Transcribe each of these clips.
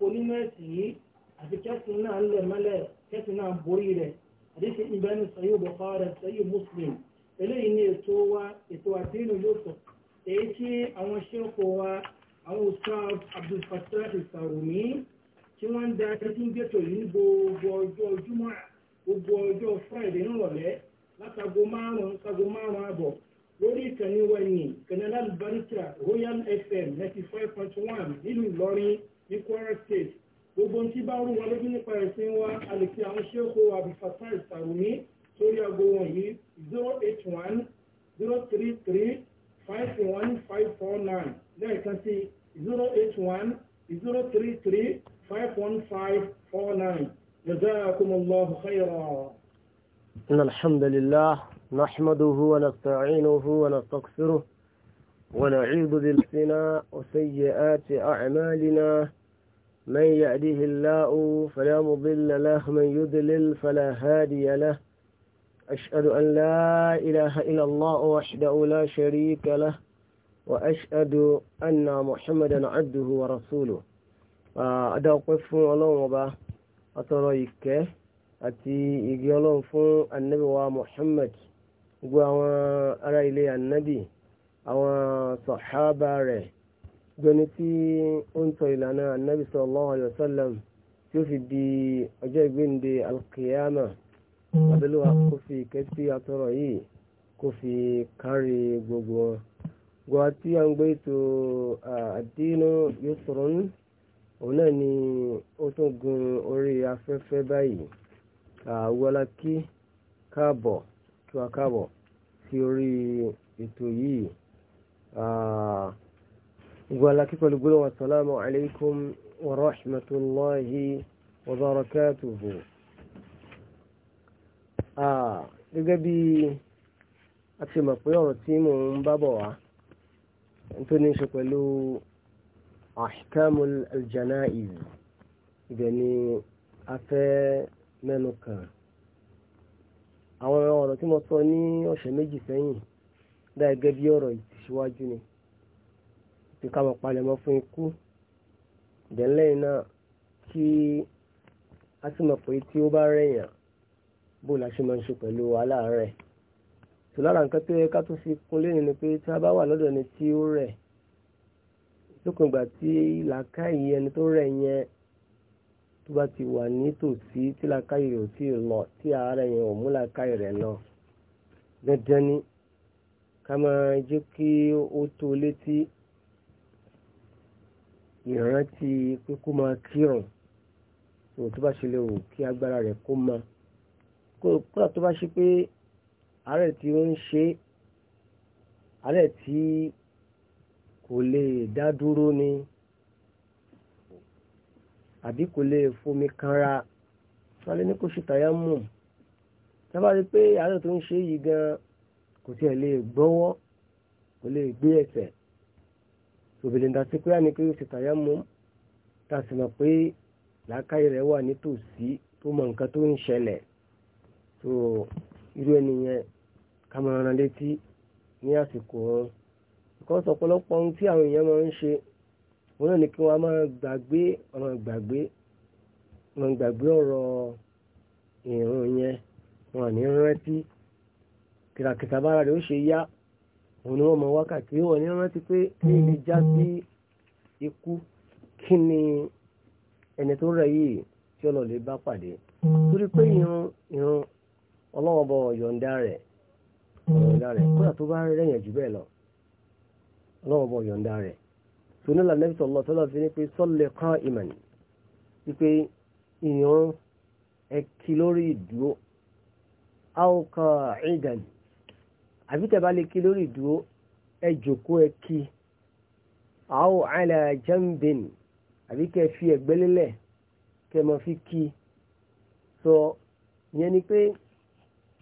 kó nínú ẹ̀sìn yìí àti kẹ́sìn náà lẹ̀ mọ́lẹ̀ kẹ́sìn náà borí rẹ̀ àdéṣe ìbẹ́nu sọ̀yìn òbọ̀kọ́ rẹ̀ sọ̀yìn muslim eléyìí ni ètò wa ètò àdínú yóò sọ èyí tí àwọn ṣẹ́kọ̀ wa àwọn ustaz Abdul Fattah Sarumi tí wọ́n ń da títí ń gbẹ́tọ̀ yìí ní gbogbo ọjọ́ júmọ́ gbogbo ọjọ́ friday nírọ̀lẹ́ látago márùn-ún sago márùn-ún àbọ̀ lórí ìkànnì wẹ̀yìn kẹ̀nẹ́lá Barika Royal FM ninety five point one nílùú Ìlọrin ní Kwara State gbogbo tí bá rú wa lójú nípa ẹ̀sìn wa a lè fi àwọn ṣéèkó abdulfatai sarumi sórí aago wọ̀nyí zero eight one zero three three five one five four nine lẹ́ẹ̀kan sí zero eight one zero three three five one five four nine jazakum allahu khayran. ان الحمد لله نحمده ونستعينه ونستغفره ونعوذ بالسنا وسيئات اعمالنا من يأده الله فلا مضل له من يضلل فلا هادي له أشهد أن لا إله إلا الله وحده لا شريك له وأشهد أن محمدا عبده ورسوله أدعوكم الله وبا أتريك أتي إجيالهم فون النبي ومحمد وأنا أرى إلي النبي أو صحابة jọni tí ó ń tọ ìlànà anabi sallallahu alayhi wa sallam tí ó fi di ọjọ́ ìgbéǹde alkiyama mm. abẹ́lẹ́wà kó fi kẹ́sí atọ́rọ̀ yìí kó fi kárí gbogbo wọn. gbọ́ tí a ń gbé ètò àdínú yusrun òun náà ni ó tún gun orí afẹ́fẹ́ báyìí àwọlákí káàbọ̀ tí wàá káàbọ̀ sí orí ètò yìí gbọ́láki pẹ̀lú gbọ́lọ́ wasalamu alaikum wa rahmatulahi wa barakatuhu gẹ́gẹ́ bí a ti mọ̀ pé ọ̀rọ̀ tí mò ń bábọ̀ wá tó ní ṣe pẹ̀lú ahkamul aljana'iz ibẹ̀ ni a fẹ́ mẹ́nu kàn àwọn ọ̀rọ̀ tí mo sọ ní ọ̀sẹ̀ méjì sẹ́yìn dáa gẹ́gẹ́ bí ọ̀rọ̀ ìtìsíwájú ni pé káwọn palẹ̀mọ́ fún ikú ìdẹ́lẹ́yìn náà kí a sì mọ̀ pé tí ó bá rẹ̀yàn bó la ṣe máa ń ṣe pẹ̀lú aláàárẹ̀ tó lára nǹkan tó yẹ ká tó fi kún lẹ́nu ni pé tí a bá wà lọ́dọ̀ ẹni tí ó rẹ̀ lókun ìgbà tí làákàyè ẹni tó rẹ̀ yẹn tó bá ti wà nítòsí tí làákàyè ò tí ì lọ tí ara yẹn ò mú làákàyè rẹ̀ lọ dandan ni ká máa jẹ́ kí ó tó létí ìrántí pé kó máa kírun òun tó bá ṣe lè wò kí agbára rẹ̀ kó mọ kódà tó bá ṣe pé àárẹ̀ tí ó ń ṣe àárẹ̀ tí kò lè dá dúró ni àbí kò lè fomi kanra wálé ní kò ṣe tàyà mù tábà rí pé àárẹ̀ tó ń ṣe yìí gan kò tiẹ̀ lè gbọ́wọ́ kò lè gbé ẹsẹ̀ obìnrin ta sí pé àní pé ó ti tàyà mú ta sì mọ̀ pé làákàyè rẹ̀ wà nítòsí tó mọ nǹkan tó ń ṣẹlẹ̀ tó irú ẹni ká máa ran létí ní àsìkò wọn nǹkan ọ̀pọ̀lọpọ̀ ohun tí àwọn èèyàn máa ń ṣe wọn náà ni kí wọ́n máa gbàgbé ọ̀ràn gbàgbé wọn gbàgbé ọ̀rọ̀ ìrùn yẹn wọn ní rántí kìràkìtà bára rẹ̀ ó ṣe yá òun ni wọ́n mọ wákàtí wọ́n ní rántí pé èyí já sí ikú kí ni ẹni tó rẹ̀ yìí tí ọlọ́ọ̀lẹ́ bá pàdé torí pé irun irun ọlọ́wọ́ bọ̀ yọ̀ǹda rẹ̀ yọ̀ǹda rẹ̀ kódà tó bá rẹ̀yàn jù bẹ́ẹ̀ lọ ọlọ́wọ́ yọ̀ǹda rẹ̀ sunila nabi sallallahu alaihi fi ni pé sọ́lẹ̀ qa'iman wípé ìyàn ẹ̀kí lórí ìdúró aw qa'idan àbí tẹ̀bá lè kí lórí ìdúró ẹ jòkó ẹ kí aw ala jambin àbí kẹ fi ẹ̀gbẹ́ lélẹ̀ kẹ mọ fi kí sọ ìyẹn ni pé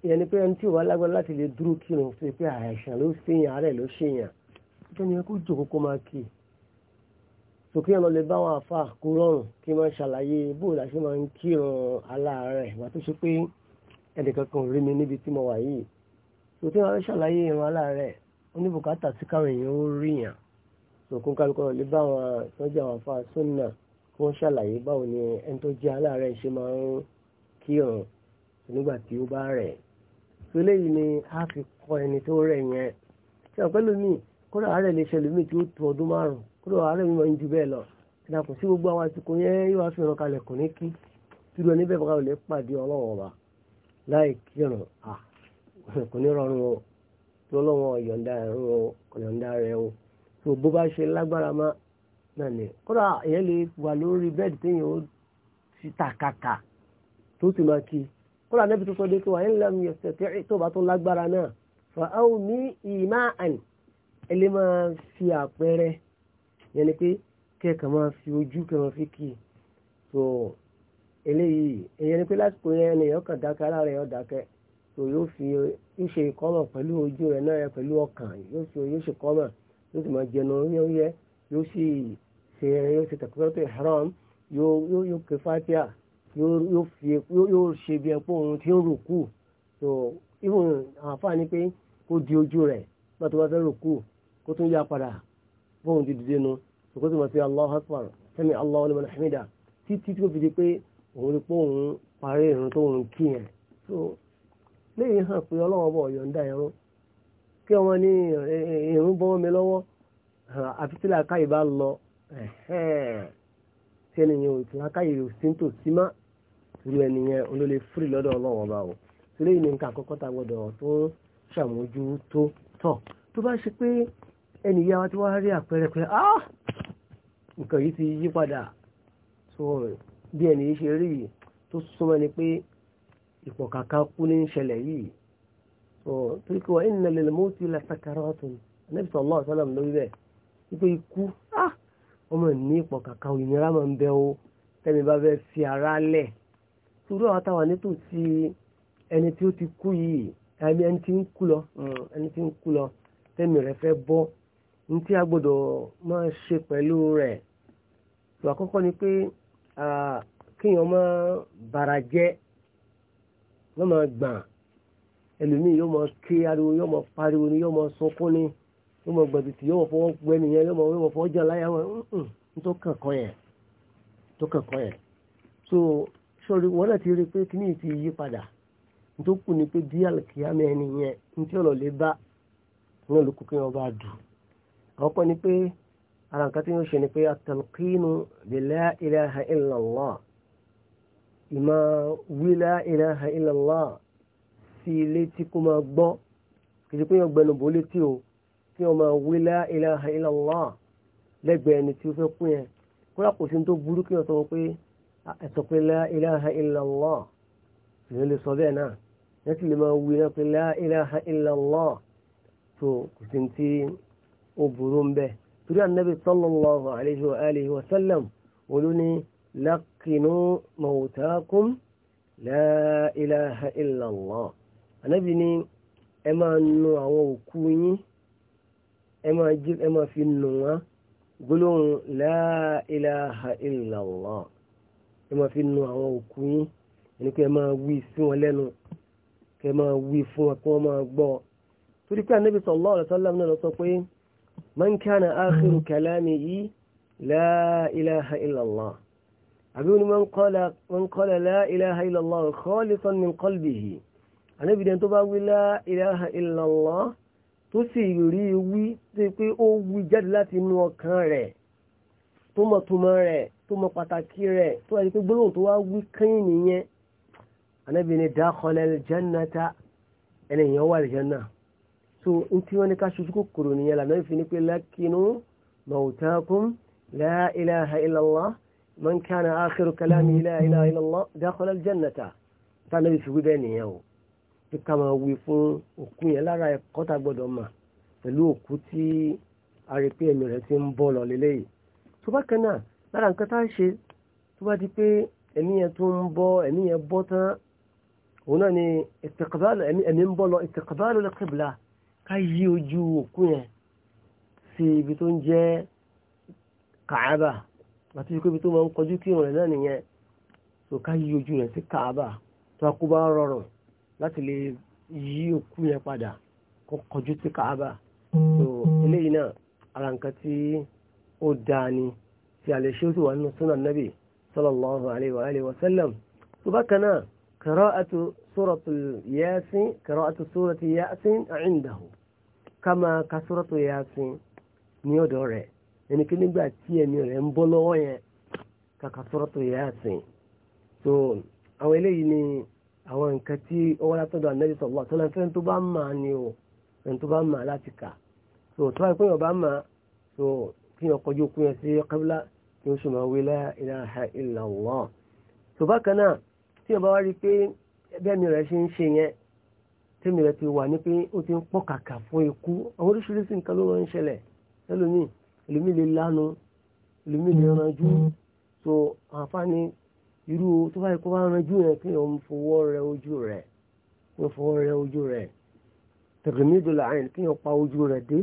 ìyẹn ni pé ẹni tí ò wá lágbára láti lè dúró kírun sí pé àìsàn ló ṣèyàn àárẹ̀ ló ṣèyàn tó ní ẹkú jòkó kó máa kí sókè ọ̀nà lè bá wọn àfa kó rọrùn kí wọ́n ṣàlàyé bó la máa ń kírun aláàárẹ̀ wà tó ṣe pé ẹnìkan kan rí mi níbi tí mo wà yìí tó tí wọ́n ṣàlàyé ìran aláàárẹ̀ oníbùkátà sí káwọn èèyàn ó rí yàn tó kún kálukọ́ lè bá wọn tọ́jú àwọn afa sónà kí wọ́n ṣàlàyé báwo ni ẹni tó jẹ́ aláàárẹ̀ ṣe máa ń kírun nígbà tí ó bá rẹ̀ tó léyìí ni a fi kọ ẹni tó rẹ̀ yẹn tí wọ́n pẹ́lú mi kódà àárẹ̀ lè ṣẹlẹ̀ mi tí ó tu ọdún márùn kódà àárẹ̀ mi máa ń ju bẹ́ẹ̀ lọ ìdàkùn sí gbogbo àwọn àsìkò yẹn yóò wá fi ràn kalẹ̀ kò ní kí tìrú ẹni bẹ́ẹ̀ bá wọlé pàdé ọlọ́wọ́ wa láì kírun ah. kò ní rọrùn o lọ́lọ́wọ́ yọ̀ǹda ẹ̀rùn o yọ̀ǹda rẹ̀ o tó bó bá ṣe lágbára má náà ni kódà èyẹ lè wà lórí bẹ́ẹ̀dì téèyàn ó ti tàkàkà tó ti máa kí kódà nẹ́bí tó sọ dé pé wà ń lẹ́nu ẹ̀sẹ̀ tí tó bá tó lágbára náà fà á ò ní ìmá àn ẹ lè máa fi àpẹẹrẹ yẹn ni pé kẹ́ẹ̀kan máa fi ojú kẹ́ẹ̀ máa fi kì í tó eléyìí èyẹ ni pé lásìkò yẹn ni èèyàn kàn dákẹ́ ara rẹ̀ yọ dákẹ́ so yóò fi yóò ṣe ìkọ́mọ̀ pẹ̀lú ojú rẹ̀ náà yẹ pẹ̀lú ọkàn yóò ṣe yóò ṣe kọ́mọ̀ yóò sì máa jẹnu yóò yẹ yóò sì ṣe yóò ṣe tẹ̀kọ́tọ̀ ìharam yóò yóò yóò ké fatia yóò fi yóò ṣe bí ẹ̀pọ̀ ohun tí ń rùkù so even àǹfààní pé kó di ojú rẹ̀ nígbà tó bá fẹ́ rùkù kó tún yá padà bóun ti dìde nu kó tún máa fi Allahu akbar sami Allahu liman hamida títí tó fi di pé òun rí pé òun parí ìrun tó òun léyìn hàn pé ọlọ́wọ́ bọ̀ yọ̀ǹda ẹ̀rún kí ọmọ ní ẹ̀rún bọ́ mi lọ́wọ́ àfi tí làákàyè bá lọ tí ẹnìyẹn ò tí làákàyè ò sí tò sí má irú ẹnìyẹn olólè fúri lọ́dọ̀ ọlọ́wọ́ bá o tí léyìn ní nǹkan àkọ́kọ́ tá gbọ́dọ̀ tó ṣàmójú tó tọ̀ tó bá ṣe pé ẹnìyẹn wa ti wá rí àpẹẹrẹ pé ah nǹkan yìí ti yí padà tó bí ẹnìyẹn ṣe rí tó súnmọ́ ni pé ìpọ̀kàkà kú ní ṣẹlẹ̀ yìí torí kí wọ́n inna lil mawti la sakaratun Ànábì sallallahu alaihi wasallam lórí rẹ̀ wípé ikú ah, ọmọ ní ìpọ̀kàkà òyìnbá máa ń bẹ o tẹ́mi bá fẹ́ fi ara lẹ̀ torí àwọn táwọn nítòsí ẹni tí ó ti kú yìí ẹni ẹni tí ń kú lọ mm, ẹni tí ń kú lọ tẹ́mi rẹ̀ fẹ́ bọ́ ní tí a gbọ́dọ̀ máa ṣe pẹ̀lú rẹ̀ tó àkọ́kọ́ ni pé ah, kíyàn máa bàrà jẹ́ yóò máa gbà ẹlòmíì yóò máa ké ariwo yóò máa pariwo ni yóò máa sunkún ni yóò máa gbàdùtì yóò máa fọwọ́ gbẹ nìyẹn yóò máa yóò máa fọwọ́ jà láyà wọn mm, mm, tó kàkọ́ yẹn tó kàkọ́ yẹn so sọrí wọn náà ti rí i pé kíní ti yí padà kù ni pé bí ẹni yẹn ní tí lè bá ní kí wọ́n bá àwọn kan ni pé ara nǹkan tí wọ́n ṣe ni pé at-talqinu bi ìmọ̀ wílá ilaha illallah sí létí kó máa gbọ́ kìí pé yàn gbẹnu bò létí o kí wọ́n máa wílá ilaha illallah lẹ́gbẹ̀ẹ́ ẹni tí ó fẹ́ pín yẹn kódà kò sí ní tó burú kí wọ́n sọ pé ẹ̀sọ́ pé lá ilaha illallah ìyẹn lè sọ bẹ́ẹ̀ náà yẹn sì lè máa wí náà pé lá ilaha illallah tó kò sí tí ó burú ń bẹ́ẹ̀ torí ànábì وسكنوا موتاكم لا إله إلا الله Ànábì ní ẹ máa nu àwọn òkú yín ẹ máa jí ẹ máa fi nù wọ́n gbólóhùn la ilaha illa Allah ẹ máa fi nu àwọn òkú yín ẹni pé ẹ máa wí sí wọn lẹ́nu kẹ máa wí fún wọn kí wọ́n máa gbọ́ torí pé Ànábì sallallahu alaihi wasallam náà lọ sọ pé man kana akhiru kalamihi la ilaha illa Allah àbí wọn ni man qala la ilaha illallah khalisan min qalbihi àníbìdẹ̀ tó bá wí la ilaha illallah tó sì rí wí tó pé ó wí jáde láti inú ọkàn rẹ̀ tó mọ̀ túmọ̀ rẹ̀ tó mọ̀ pàtàkì rẹ̀ tó wáyé pé gbólóhùn tó wá wí kẹ́yìn nìyẹn àníbìdẹ̀ dakhala al-jannata ẹnìyàn wà al-janna so n tí wọ́n ní ká ṣojú kòkòrò nìyẹn lànà ìfini pé lákínú mawtakum la ilaha illallah من كان آخر كلامه لا إله إلا الله دخل الجنة tánàbí fi wí bẹ́ẹ̀ nìyẹn o tí ká máa wí fún òkú yẹn lára ẹ̀kọ́ tá a gbọ́dọ̀ mà pẹ̀lú òkú tí a rí pé ẹ̀mí rẹ̀ ti ń bọ́ lọ lélẹ́yìí tó bá kan náà lára nǹkan tá a ṣe tó bá di pé ẹ̀mí yẹn tó ń bọ́ ẹ̀mí yẹn bọ́ tán òun náà ni istiqbal ẹ̀mí ń bọ́ lọ istiqbal al-qibla ká yí ojú òkú yẹn sí ibi tó ń jẹ́ Kàábà àti ìkóbi tó máa ń kọjú kírun rẹ̀ náà nìyẹn tó ká yí ojú rẹ̀ sí káàbà tó a kó bá rọrùn láti lè yí òkú yẹn padà kó kọjú sí káàbà tó eléyìí náà ara nǹkan tí ó dáa ni tí a lè ṣe ó sì wà nínú sunan nabi sallallahu alayhi wa sallam tó bákan náà qira'atu suratul yasin qira'atu surati yasin 'indahu kama ka suratu yasin ní ọ̀dọ̀ rẹ̀ ẹni pé nígbà tí ẹni rẹ̀ ń bọ́ lọ́wọ́ yẹn kàkà suratu Yasin so àwọn eléyìí ni àwọn nǹkan tí ó wá látọ̀dọ̀ Ànábì sallallahu alaihi wasallam fẹ́ni tó bá mà á ni o fẹ́ni tó bá mà á láti kà so tó bá yẹ bá mà á so kí yàn kọjú okun yẹn sí kábílà kí yàn sùnmọ́ wí la ilaha illallah so bákan náà tí yàn bá wá rí i pé bẹ́ẹ̀ ni rẹ̀ ṣe ń ṣe yẹn tẹ́mi rẹ̀ ti wà ní pé ó ti ń pọ̀ kàkà fún ikú àwọn oríṣiríṣi nǹkan ló ń ṣẹlẹ̀ ẹlòmíì ẹlòmí lè lánu ẹlòmí lè ranjú so àǹfààní irú tó bá yẹ kó bá ranjú yẹn kí wọ́n fọwọ́ rẹ ojú rẹ̀ kí wọ́n fọwọ́ rẹ ojú rẹ̀ tẹ̀gẹ̀mídò làáyìn kí wọ́n pa ojú rẹ̀ dé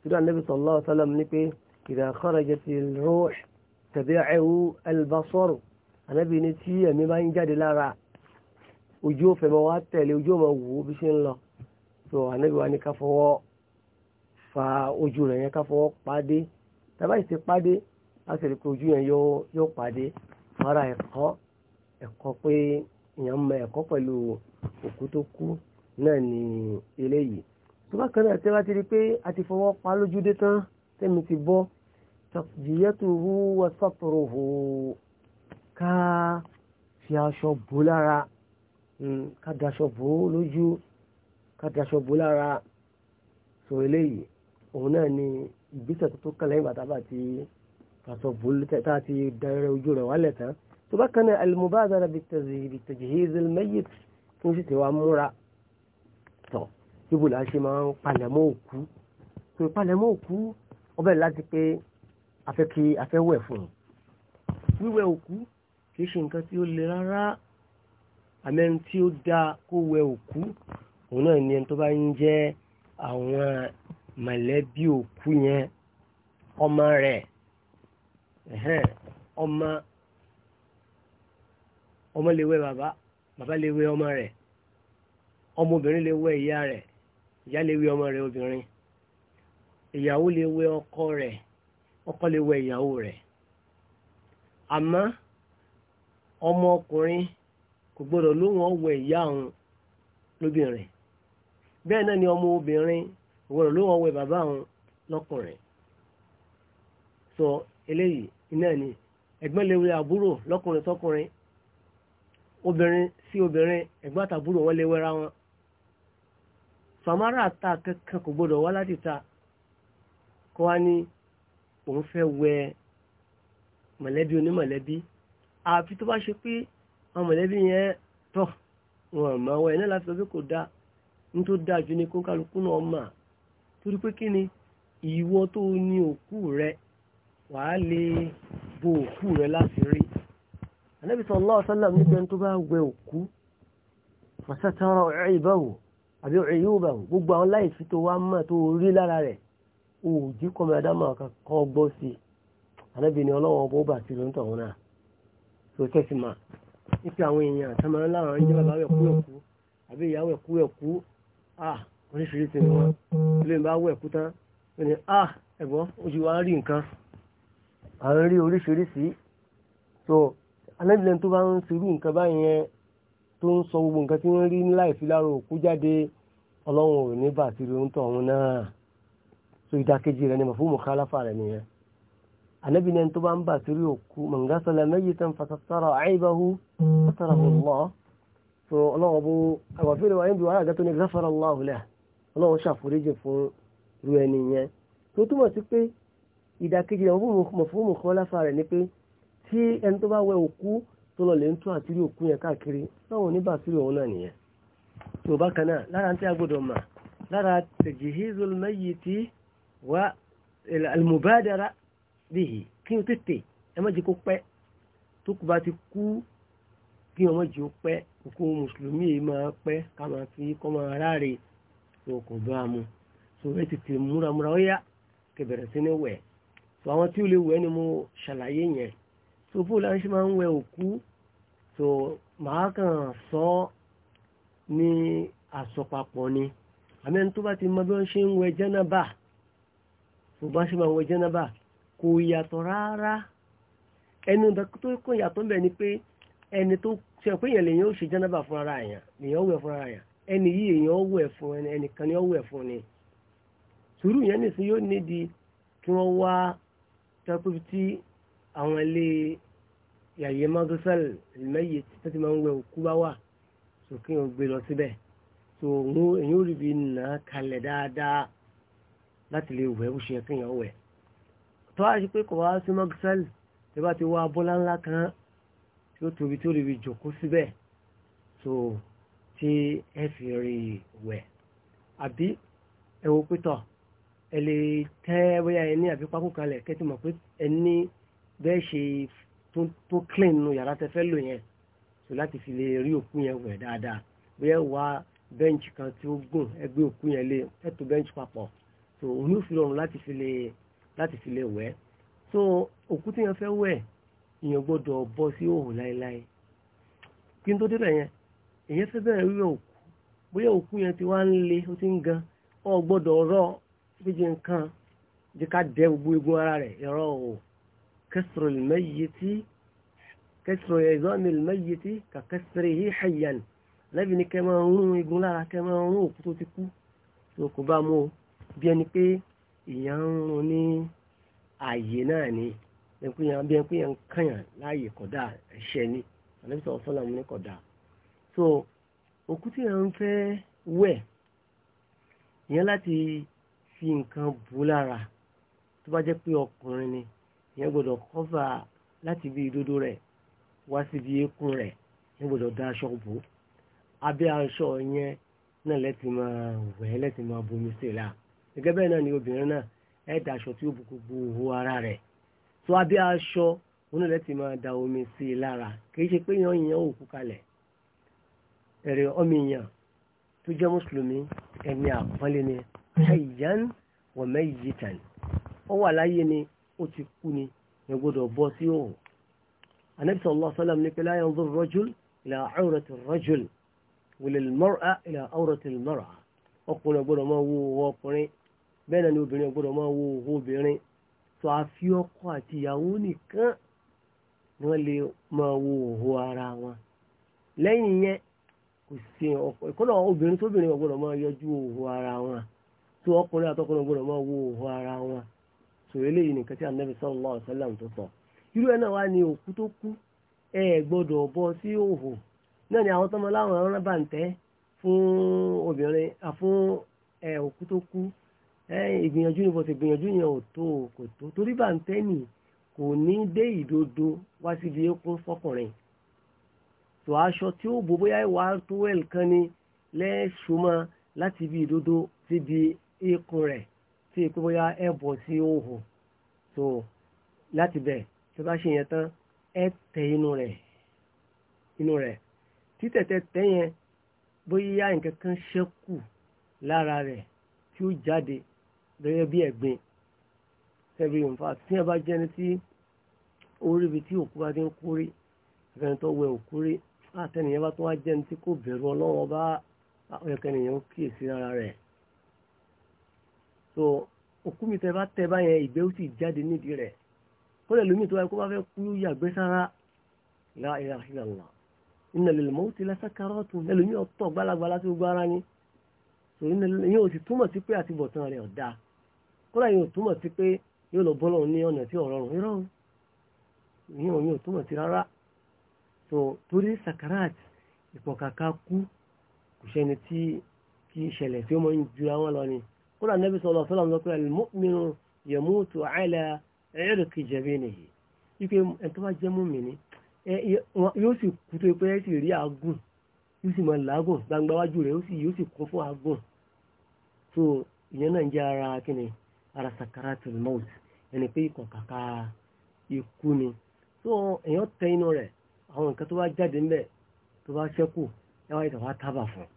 sódà Nabi sallallahu alaihi wasallam ní pé idha kharajatil ruh tabi'ahu al-basar ànábì ní tí ẹ̀mí bá ń jáde lára ojú ò mọ́ wá tẹ̀lé ojú ò mọ́ wò bí ṣe ń lọ so ànábì wa ní ká fọwọ́ fa ojú rẹ̀ yẹn ká fọwọ́ pàdé tàbá ìsìn pàdé a sì rí pé ojú yẹn yóò pàdé fara ẹ̀kọ́ ẹ̀kọ́ pé èèyàn mọ ẹ̀kọ́ pẹ̀lú òkú tó kú náà ni eléyìí tó bá kan náà tẹ́ bá ti rí pé a ti fọwọ́ pa lójú dé tán tẹ́mi ti bọ́ tàjìyẹ́tùhù wọ́sọ̀tọ̀rọ̀hù ká fi aṣọ bò lára hmm, ká daṣọ bò lójú ká daṣọ bò lára sọ eléyìí òun náà ni ìgbésẹ̀ tó tó kàn lẹ́yìn bàtà bá ti pàṣọ bòlù tá a dẹrẹ ojú rẹ̀ wálẹ̀ tán tó bá kan náà al-mubadara bit-tajhiz al-mayyit kí wọ́n sì ti wá múra tọ̀ níbo la ṣe máa ń palẹ̀mọ́ òkú tó palẹ̀mọ́ òkú ọbẹ̀ láti pé afẹ́ kí afẹ́ wẹ̀ fún un wíwẹ̀ òkú kìí ṣe nǹkan tí ó le rárá àmẹ́ni tí ó dáa kó wẹ̀ òkú òun náà ni ẹni tó bá ń jẹ́ àwọn mọ̀lẹ́bí òkú yẹn ọmọ rẹ̀ ọmọ ọmọ lè wẹ bàbá bàbá lè wẹ ọmọ rẹ̀ ọmọbìnrin lè wẹ ìyá rẹ̀ ìyá lè wẹ ọmọ rẹ̀ obìnrin ìyàwó lè wẹ ọkọ rẹ̀ ọkọ lè wẹ ìyàwó rẹ̀ àmọ́ ọmọ ọkùnrin kò gbọdọ̀ lóhùn ọwọ́ ìyá òun lóbìnrin bẹ́ẹ̀ náà ni ọmọ obìnrin òun ló wọ́n wẹ bàbá àwọn lọ́kùnrin sọ eléyìí iná ni ẹ̀gbọ́n lè wẹ àbúrò lọ́kùnrin sọ́kùnrin obìnrin sí obìnrin ẹ̀gbọ́n àtàbúrò wọn lè wẹra wọn samara ta kankan kò gbọdọ̀ wá láti ta kó wá ní òun fẹ́ wẹ mọ̀lẹ́bí onímọ̀lẹ́bí àfi tó bá ṣe pé àwọn mọ̀lẹ́bí yẹn tọ̀ wọn àmọ́ wẹ̀ náà láti sọ pé kò dáa ní tó dáa ju ní kó kálukú náà máa torí pé kí ni ìwọ tó ní òkú rẹ wàá lè bo òkú rẹ láti rí Ànábì sallallahu alaihi wasallam tó bá wẹ òkú fàṣátánra ọ̀rẹ́ ìbáwò àbí ọ̀rẹ́ yóò bá gbogbo àwọn láìsí tó wá mọ̀ tó rí lára re o kọmọ adámọ̀ kan gbọ́ sí Ànábì ni ọlọ́wọ́n bó bá wọn náà tó tẹ́sí máa nípa àwọn èèyàn àtàmọ́ láwọn ẹ̀kú àbí ẹ̀kú oríṣiríṣi ni wọn ilé bá wẹ̀ kú tán ah ẹ̀gbọ́n ojú wa ń rí nǹkan à ń rí oríṣiríṣi so alẹ́bìnrin tó bá ń ṣerú nǹkan báyẹn tó ń sọ gbogbo nǹkan tí wọ́n rí níláì fi lára òkú jáde ọlọ́run ò ní bàtí ló ń tọ̀ ọ̀hún náà so ìdákejì rẹ ni mọ̀ fún mọ̀kálàfà rẹ nìyẹn anabi tó bá ń bà sórí òkú mọ̀ngásọ́lá mẹ́yìtàn fàtàtàrà àìbáhú fàtàrà ọ̀lọ́ so ọlọ́wọ́ bó àgbàfẹ́rẹ́ wa ń bí wàhálà gátó ní gáfàrà ọlọ́hùlẹ̀ ọlọ́run ṣàforíjì fún ru ẹni yẹn tó túmọ̀ sí pé ìdàkejì ìyàwó mọ̀fúnmù kan láfa rẹ̀ ni pé tí ẹni tó bá wẹ òkú tó lọ lè ń tú àtìrí òkú yẹn káàkiri láwọn oníbàtìrí òun náà nìyẹn tí ò bá kan náà lára tí a gbọdọ̀ mà lára tajhizul mayyiti wa al-mubadara bihi kí n tètè ẹ má jẹ kó pẹ́ tó kù bá ti kú kí wọn má jẹ ó pẹ́ òkú mùsùlùmí yìí máa pẹ́ ká máa fi kọ́ máa ráre so kò bá a mu so ẹ tètè múramúra ó yá kẹbẹ̀rẹ̀ sí ní wẹ̀ so àwọn tí ó lè wẹ̀ ni mo ṣàlàyé yẹn so bó la ṣe máa ń wẹ òkú so màá kàn sọ ní àsọpapọ̀ ni àmì ẹni tó bá ti mọ bí wọ́n ṣe ń wẹ jẹ́nàbà tó bá ṣe máa wẹ jẹ́nàbà kò yàtọ̀ rárá ẹnu tó kàn yàtọ̀ ń bẹ ni pé ẹni tó ṣe pé èèyàn lèyàn ó ṣe jẹ́nàbà fúnra ara èèyàn lèyàn ó wẹ̀ fúnra ara èèyàn ẹni yìí èèyàn ọwọ́ ẹ̀ ẹnìkan ni ọwọ́ ẹ̀ ni sùúrù yẹn nìsín yóò nídi kí wọ́n wá tẹ́kùbí tí àwọn ilé yàyẹ magasal mẹ́yẹ tó ti máa ń wẹ òkú bá wà tó kí wọ́n gbé lọ síbẹ̀ tó òun èèyàn ò rí bi nà á kalẹ̀ dáadáa láti lè wẹ̀ bó ṣe kéèyàn wẹ̀ tó a ṣe pé kò wá sí magasal tó bá ti wá abọ́lá ńlá kan tí ó tóbi tó rí bi jòkó síbẹ̀ tó. So, tí ẹ fi rí wẹ̀ àbí ẹ wo pétọ̀ ẹ lè tẹ́ bóyá ẹ ní àbí pákó kalẹ̀ kẹ́tì mọ̀ pé ẹ ní bẹ́ẹ̀ ṣe tó clean nu yàrá tẹ fẹ́ lò yẹn so láti fi lè rí òkú yẹn wẹ̀ dáadáa bóyá wà bẹ́ǹchì kan tí ó gùn ẹgbẹ́ òkú yẹn lé ẹ tò bẹ́ǹchì papọ̀ so òun yóò fi rọrùn láti fi lè láti fi lè wẹ̀ so òkú tí yẹn fẹ́ wẹ̀ ìyẹn gbọ́dọ̀ bọ́ sí òhò láéláé kí n tó débẹ̀ yẹn èyàn fẹ́ bẹ̀rẹ̀ wíwẹ̀ òkú bóyá òkú yẹn ti wá ń le ó ti ń gan ọ gbọ́dọ̀ ọ̀rọ̀ fíjì nǹkan jẹ́ ká dẹ gbogbo egun ara rẹ̀ ẹ̀rọ o kẹsìrò lẹ́yẹtì kẹsìrò ẹ̀zọ́mi lẹ́yẹtì kà kẹsìrò yìí hayyan lẹ́bi ni kẹ́ máa ń rún egun lára kẹ́ máa ń rún òkú tó ti kú ló kò bá mú o bí ẹni pé èèyàn ń rún ní ààyè náà ni ẹni pé èèyàn ń kàyàn láàyè kódà ẹ̀ṣẹ̀ ni àlẹ́ bí sọ̀rọ̀ sọ́làmù ní kódà so òkú tí yẹn ń fẹ́ wẹ̀ ìyẹn láti fi nǹkan bù lára tó bá jẹ́ pé ọkùnrin ni ìyẹn gbọ́dọ̀ kọ́fà láti bí ìdodo rẹ̀ wá síbi eékún rẹ̀ ìyẹn gbọ́dọ̀ da aṣọ bò abẹ́ aṣọ yẹn náà lẹ́tì máa wẹ̀ lẹ́tì máa bomi sí la gẹ́gẹ́ bẹ́ẹ̀ náà ni obìnrin náà ẹ̀ da aṣọ tí ó bu gbogbo owó ara rẹ̀ tó abẹ́ aṣọ onílẹ̀ ti máa da omi sí i lára kì í ṣe pé yan yan òkú kalẹ̀ ẹ̀rẹ̀ ọmọ èèyàn tó jẹ́ mùsùlùmí ẹni àpọ́nlé ni mhm. hayyan wa mayyitan ó wà láyé ni ó ti kú ni ẹ gbọ́dọ̀ bọ́ sí òun anabi sallallahu alaihi wasallam ní pé la yanzur rajul ila awrati rajul wal mar'a ila awrati mar'a ọkùnrin ọgbọ́dọ̀ máa wo owó ọkùnrin bẹ́ẹ̀ náà ni obìnrin ọgbọ́dọ̀ máa wo owó obìnrin tó a fi ọkọ àti ìyàwó nìkan ni wọ́n lè máa wo owó ara wọn lẹ́yìn yẹn kò sí ọkọ ìkọlọ obìnrin tóbìnrin ọgbọ́dọ̀ máa yọjú òhò ara wọn tó ọkùnrin àtọkùnrin ọgbọ́dọ̀ máa wo òhò ara wọn tó eléyìí nìkan tí anabi sallallahu alaihi wasallam tó sọ irú ẹ náà wá ní òkú tó kú ẹ gbọ́dọ̀ bọ sí òhò náà ni àwọn tọmọ láwọn ọrán bàǹtẹ fún obìnrin àfún ẹ òkú tó kú ẹ ìgbìyànjú ni bọ̀sẹ̀ ìgbìyànjú yẹn ò tó kò tó torí bàǹtẹ nì kò ní dé ìdodo wá síbi ekún fọkùnrin tó aṣọ tí ó bò bóyá ìwà tó wẹ̀ nǹkan ni lẹ́ṣùmọ́ láti ibi ìdodo ti di ikùn rẹ̀ tí èkó bóyá ẹ bọ̀ sí òhò tó láti bẹ̀ tó bá ṣe yẹn tán ẹ tẹ inú rẹ̀ inú rẹ̀ títẹ̀tẹ̀ tẹ́ yẹn bóyá nǹkan kan ṣẹ́kù lára rẹ̀ tí ó jáde gẹ́gẹ́ bí ẹ̀gbin tẹ́bí nfa tí ẹ bá jẹ́ni tí orí ibi tí òkú bá ti ń kórè ẹ̀fẹ̀ tó wẹ òkú rí àtẹnìyàn bá tún wá jẹ́ ní tí kò bẹ̀rù ọlọ́run ọba ọ̀yọ̀kẹ́nìyàn kíyèsí ara rẹ̀ so òkú mi tẹ bá tẹ báyẹn ìgbẹ́ ó sì jáde nídìí rẹ̀ kọ́lẹ̀ lómi tó wáyé kó bá fẹ́ kú yàgbẹ́ sára la ilaha illallah inna lil mawti la sakaratun ẹlòmí ọ̀tọ̀ gbálagbála tó gbára ni so ìyẹn ò sì túmọ̀ sí pé àtibọ̀tán rẹ̀ ọ̀dà kọ́lẹ̀ yẹn ò túmọ̀ sí pé yóò lọ bọ́lọ̀ ní ọ̀nà tí ọ̀rọ̀ rùn irọ́ ìyẹn ò túmọ̀ sí rárá so torí sakarat ìpọ̀kàkà kú kò sẹ́ni tí kí ìṣẹ̀lẹ̀ tí ó mọ̀ ń ju àwọn lọ ni kódà nẹ́bí sọ̀rọ̀ sọ́lọ́m sọ pé al-mu'minu yamutu ala irqi jabinihi wípé ẹ̀ tó bá jẹ́ mùmínì yóò sì kú tó pé sì rí àágùn yóò sì máa làágùn gbangba wájú rẹ̀ yóò sì kún fún àágùn so ìyẹn náà ń jẹ́ ara kíni ara sakaratul maut ẹni pé ìkọ̀kàkà ikú ni so èèyàn tẹ inú rẹ̀ àwọn nǹkan tó wá jáde ńbẹ tó bá ṣẹ́kù ẹ wá ìtàwá tábà fún un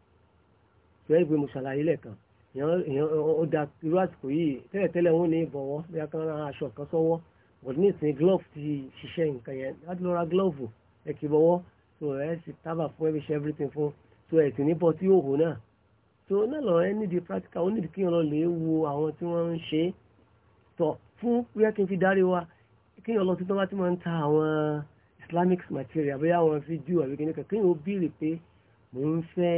ìwé ìgbé mo ṣàlàyé lẹ́ẹ̀kan ó da irú àsìkò yìí tẹ́lẹ̀tẹ́lẹ̀ wọn ní ìbọ̀wọ́ bí akọ́nà aṣọ kan sọ́wọ́ but ní ìsìn glove ti ṣiṣẹ́ nǹkan yẹn láti lọ́ra glove ẹ kì í bọ̀wọ́ so ẹ sì tábà fún ẹ fi ṣe everything fún so ẹ sì ní bọ́ tí yóò hò náà so náà lọ ẹ nídìí practical ó nídìí kí wọn lọ lè wo àwọn tí wọ́n ń ṣe tọ̀ fún bóyá kí n fi dárí wa kí wọn lọ sí tọ́wá tí wọ́n ń ta àwọn islamic material bóyá wọn fídíò àbí kìnìkan kí yóò bèèrè pé mò ń fẹ́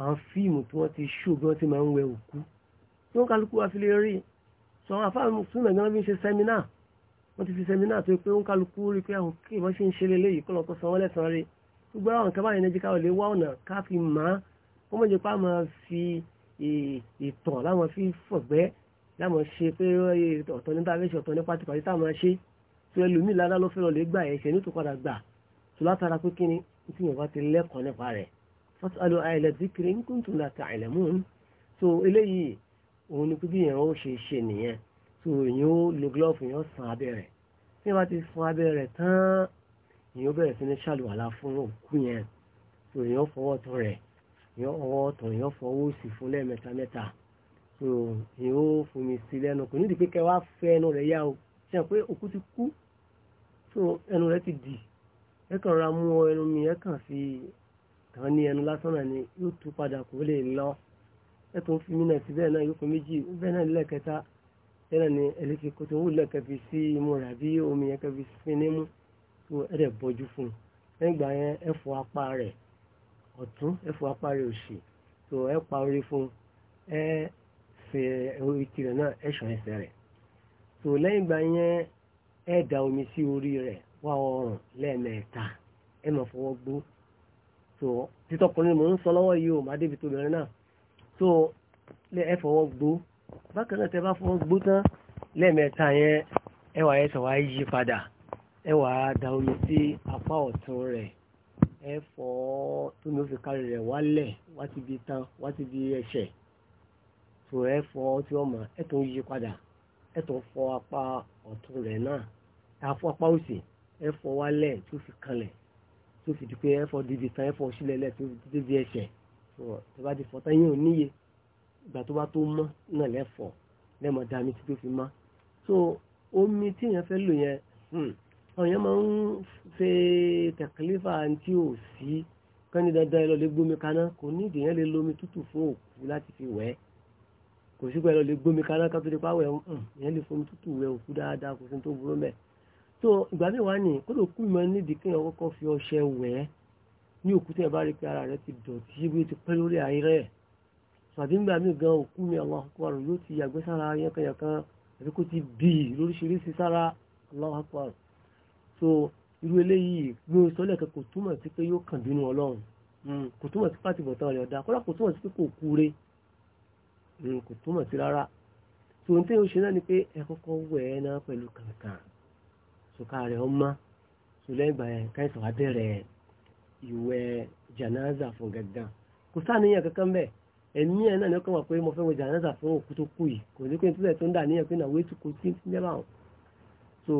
àwọn fíìmù tí wọ́n ti ṣó bí wọ́n ti máa ń wẹ òkú tí wọ́n kálukú wa fi lè rí sọ àwọn afáàmù fún ẹ̀gbọ́n bí ń ṣe sẹ́mínà wọ́n ti fi sẹ́mínà tó pé wọ́n kálukú rí pé àwọn kí wọ́n ṣe ń ṣe lélẹ́yìí kọ́ lọ́kọ́ sanwó lẹ́sàn-án rí gbogbo àwọn nǹkan báyìí nẹ́jíkà ò lè wá ọ̀nà ká fi mọ̀ án wọ́n mọ̀ jẹ́ pé a máa fi e, ìtàn láwọn fi fọ̀gbẹ́ láwọn ṣe pé e, ọ̀tọ̀ nípa abẹ́ṣẹ̀ ọ̀tọ̀ nípa tìpàdé táwọn ṣe tó ẹlòmíì ládá ló fẹ́ràn lè gbà ẹ̀ṣẹ̀ ní tó padà gbà tó látara pé kíni tí yóò bá ti lẹ́kọ̀ọ́ nípa rẹ̀ fasalu ahla dhikri in kuntum la ta'lamun tó eléyìí òun ni pípé yẹn ó ṣe ṣe nìyẹn tó èyàn ó lo glove yẹn ó san abẹ́ rẹ̀ tí yẹn bá ti san abẹ́ rẹ̀ tán èyàn ó bẹ̀rẹ̀ sí ní ṣàlùwàlá fún òkú yẹn tó èyàn fọwọ́ tán rẹ̀ èyàn fọwọ́ tó èyàn ó ṣe pé òkú ti kú so ẹnu rẹ ti dì ẹ kàn ra mú ẹnu mi ẹ fi tàn ní ẹnu lásán ni yóò tú padà kó lè lọ ẹ tó ń fi mí náà sí bẹ́ẹ̀ náà yóò fi méjì bẹ́ẹ̀ náà lẹ́ẹ̀kẹta bẹ́ẹ̀ náà ni ẹ lè fi kótó wù lẹ́ẹ̀kẹ́ fi sí imú rẹ̀ àbí omi yẹn kẹ́ fi sí nímú so ẹ dẹ̀ bọ́jú fún un nígbà yẹn ẹ fọ apá rẹ̀ ọ̀tún ẹ fọ apá rẹ̀ òsì so ẹ pa orí fún ẹ ṣe orí tirẹ̀ náà ẹ ṣàn ẹsẹ̀ rẹ̀ tó lẹ́yìn ìgbà yẹn ẹ da omi sí orí rẹ̀ wá ọrùn lẹ́ẹ̀mẹ́ta ẹ máa fọwọ́ gbó tó títọkùnrin mò ń sọ lọ́wọ́ yìí ò má débi tó bẹ̀rẹ̀ náà tó ẹ fọwọ́ gbó bákan náà tẹ bá fọwọ́ gbó tán lẹ́ẹ̀mẹ́ta yẹn ẹ wà ẹ sọ wá yí padà ẹ wà á da omi sí apá ọ̀tún rẹ̀ ẹ fọ tó ní o fi kárí rẹ̀ wálẹ̀ wá ti bi tán wá ti bi ẹsẹ̀ tó ẹ fọ tí wọ́n ẹ tó ń yí padà ẹ tó fọ apá ọ̀tún rẹ̀ náà àfọ apá òsì ẹ fọ wálẹ̀ tó fi kanlẹ̀ tó fi di pé ẹ fọ dìbì tán ẹ fọ sílẹ̀ lẹ̀ tó fi débi ẹsẹ̀ tó bá ti fọ tán yín ò níye ìgbà tó bá tó mọ́ náà lẹ́fọ̀ lẹ́mọ̀ dá mi tí tó fi mọ́ so omi tí èèyàn fẹ́ lò yẹn hmm, àwọn èèyàn máa ń ṣe tẹ̀kílífà tí ò sí kán ní dandan ẹ lọ lé gbómi kaná kò ní ìdèyàn lè lo omi tútù fún òkú láti fi wẹ̀ ẹ́ kò sí pẹ̀lú lè gbómi kaná ká tó lè pàwẹ̀ hm, ìyẹn lè fomi tútù wẹ òkú dáadáa kò sí tó burú mẹ́ tó ìgbà míì wá ní kó ló kú ìmọ̀ nídìí kí wọ́n kọ́kọ́ fi ọṣẹ wẹ̀ ẹ́ ní òkú tẹ̀ bá rí pé ara rẹ ti dọ̀tí bí ó ti pẹ́ lórí ayé rẹ̀ tàbí ńgbà míì gan òkú mi àwọn akọ́rọ̀ yóò ti yàgbẹ́ sára yánkanyànkan àbí kó ti bì lóríṣiríṣi sára Allahu Akbar so irú eléyìí bí o sọ lẹ́ẹ̀kan kò túmọ̀ sí pé yóò kàn bínú Ọlọ́run kò túmọ̀ sí pàtìbọ̀tán rẹ̀ kò túmọ̀ sí rárá tó ń tẹ́ oṣù náà ni pé ẹ kọ́kọ́ wẹ̀ ẹ́ náà pẹ̀lú kàǹkàn sọ̀ka rẹ̀ ọmọ sọlẹ́gbà ẹ̀ káìsàn abẹ́rẹ́ ìwẹ̀ jànáza fún gàgà kò sáàníyàn kankan bẹ́ẹ̀ ẹ̀mí ẹ̀ náà ni ó kàn wá pé mo fẹ́ wẹ̀ jànáza fún òkú tó kú yìí kò ní pé nítorí tó ń dà níyàn pé náà wéé tukọ̀ tí ń bẹ́ẹ̀ báwọn so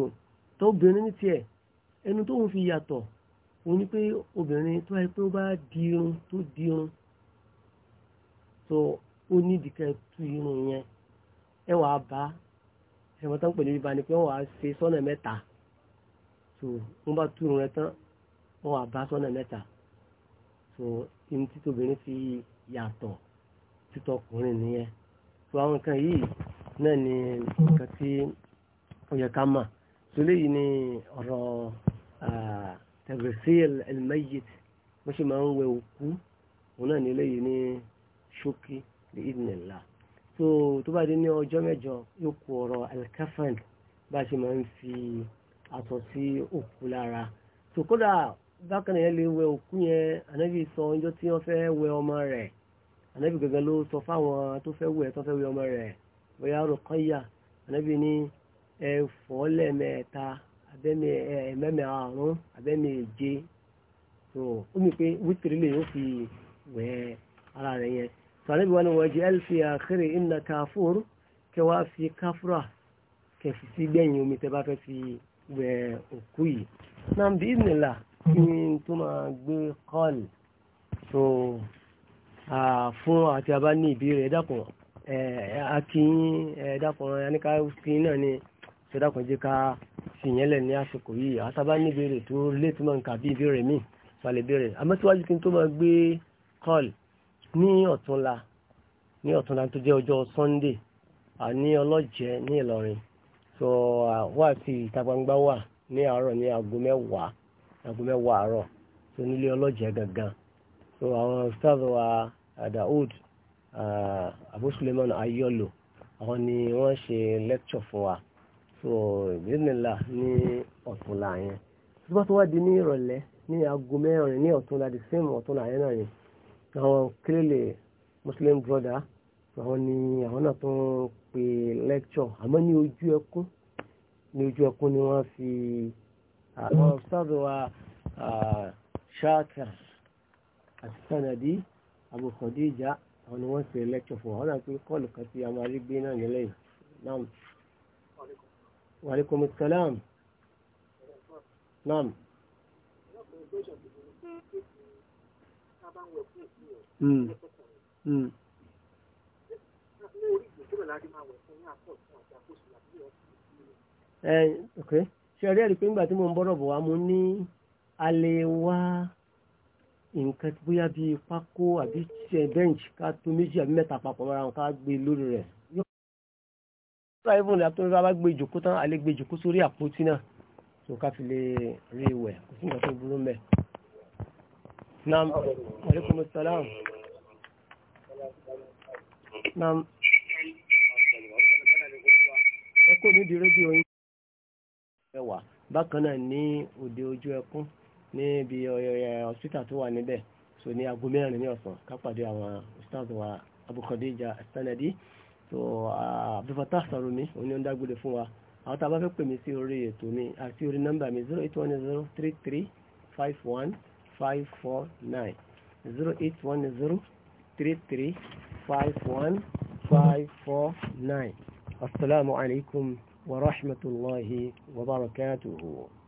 tó obìnrin ní tiẹ̀ ẹnu tó ń fi yàtọ̀ òun ni pé obìnrin tó yẹ pé ó bá dirun tó dirun so ó ní ìdíkẹ́ tú irun yẹn ẹ wàá bá ẹ̀wọ̀n tó ń pè ibà ni pé wọ́n wàá ṣe sọ́nà mẹ́ta so wọ́n bá tú irun rẹ tán wọ́n wàá bá sọ́nà mẹ́ta so inú títóbìnrin fi yàtọ̀ títọkùnrin nìyẹn so àwọn nǹkan yìí náà ni nǹkan tí ó yẹ ká mà so léyìí ni ọ̀rọ̀ tẹ̀gbẹ̀síl ẹ̀lmẹ́yìt bó ṣe máa ń wẹ òkú òun náà ni léyìí ní ṣókí bí ìdìnnìlá so tó bá dé ní ọjọ́ mẹ́jọ yóò kó ọ̀rọ̀ alkafan bá a ṣe máa ń fi aṣọ sí òkú lára so kódà bákan yẹn lè wẹ òkú yẹn ànábì sọ ọjọ́ tí wọ́n fẹ́ wẹ ọmọ rẹ̀ ànábì gẹ́gẹ́ ló sọ fáwọn tó fẹ́ wẹ tó fẹ́ wẹ ọmọ rẹ̀ bóyá Ruqayya ànábì ní ẹ lẹ́ẹ̀mẹ́ta abẹ́mi ẹ̀ẹ́mẹ́mẹ́ àrùn abẹ́mi èje so ó mi pé wítìrí lè yóò fi wẹ ara rẹ̀ yẹn sàlẹ́bí wọn ni wọ́n jẹ́ ẹlfì àkérè iná káfúr kẹwàá fi káfúrà kẹfì sí gbẹ̀yìn omi tẹ́ bá fẹ́ fi wẹ òkú yìí náà bí ìnìlà kí n tó máa gbé kọ́ọ̀lì tó fún àti abá ní ìbéèrè ẹ̀dàkùn akíyín ẹ̀dàkùn aníkà kíyín náà ni ṣẹ̀dàkùn jẹ́ ká fìyẹ́lẹ̀ ní àsìkò yìí àtàbá ní ìbéèrè tó létí mọ́ nǹkan bí ìbéèrè míì balẹ̀ ìbéèrè àmọ́ síwájú kí n tó máa gbé kọ́ọ̀lì ní ọ̀túnla ní ọ̀túnla tó jẹ́ ọjọ́ Sunday àní ọlọ́jẹ́ ní Ìlọrin so wá sí ìta gbangba wà ní àárọ̀ ní aago mẹ́wàá aago mẹ́wàá àárọ̀ so nílé ọlọ́jẹ́ gangan so àwọn ustaz wa Daoud Abu Suleiman Ayọ̀lò àwọn ni wọ́n ṣe lecture fún wa so ìdílé ní ọ̀túnla yẹn tó bá tó wá di ní ìrọ̀lẹ́ ní aago mẹ́rin ní ọ̀túnla the same ọ̀túnla yẹn náà yẹn àwọn kílèlè muslim brother àwọn ni àwọn náà tó ń pe lecture àmọ́ ní ojú ẹkún ní ojú ẹkún ni wọ́n fi àwọn sábẹ̀ wa ṣáàkà àti sanadi Abu Khadija àwọn ni wọ́n ṣe lecture fún àwọn náà pé kọ́ọ̀lù kan tí a máa rí gbé náà nílẹ̀ yìí náà. وعليكم السلام Hmm. Hmm. Eh, ṣe rí ẹ̀rí pé ńgbà tí mo ń bọ́rọ̀ bọ̀ wá mo ní a lè wá nǹkan bóyá bí pákó àbí bench ká tó méjì àbí mẹ́ta papọ̀ mọ́ra wọn ká gbé lórí rẹ̀ yóò rà ìbùn ní àtúntò bá gbé ìjòkó tán a lè gbé ìjòkó sórí àpótí náà tó ká fi lè rí ìwẹ̀ kò sí nǹkan tó burú mẹ́ẹ̀. نعم عليكم السلام نعم ẹkọ́ nídìí rédíò yìí ẹwà bákan náà ní òde ojú ẹkún níbi ọ̀sítà tó wà níbẹ̀ so ní aago mẹ́rin ní ọ̀sán kápàdé àwọn ustaz wa Abu Khadija As-Sanadi so Abdulfatah Sarumi oní ọ̀dà gbọ́dọ̀ fún wa àwọn tá a bá fẹ́ pè mí sí orí ètò mi àti orí nọ́mbà mi zero eight one zero three three five one. five four nine zero eight one zero three three five one five four nine. Assalamu alaikum wa rahmatullahi wa barakatuhu.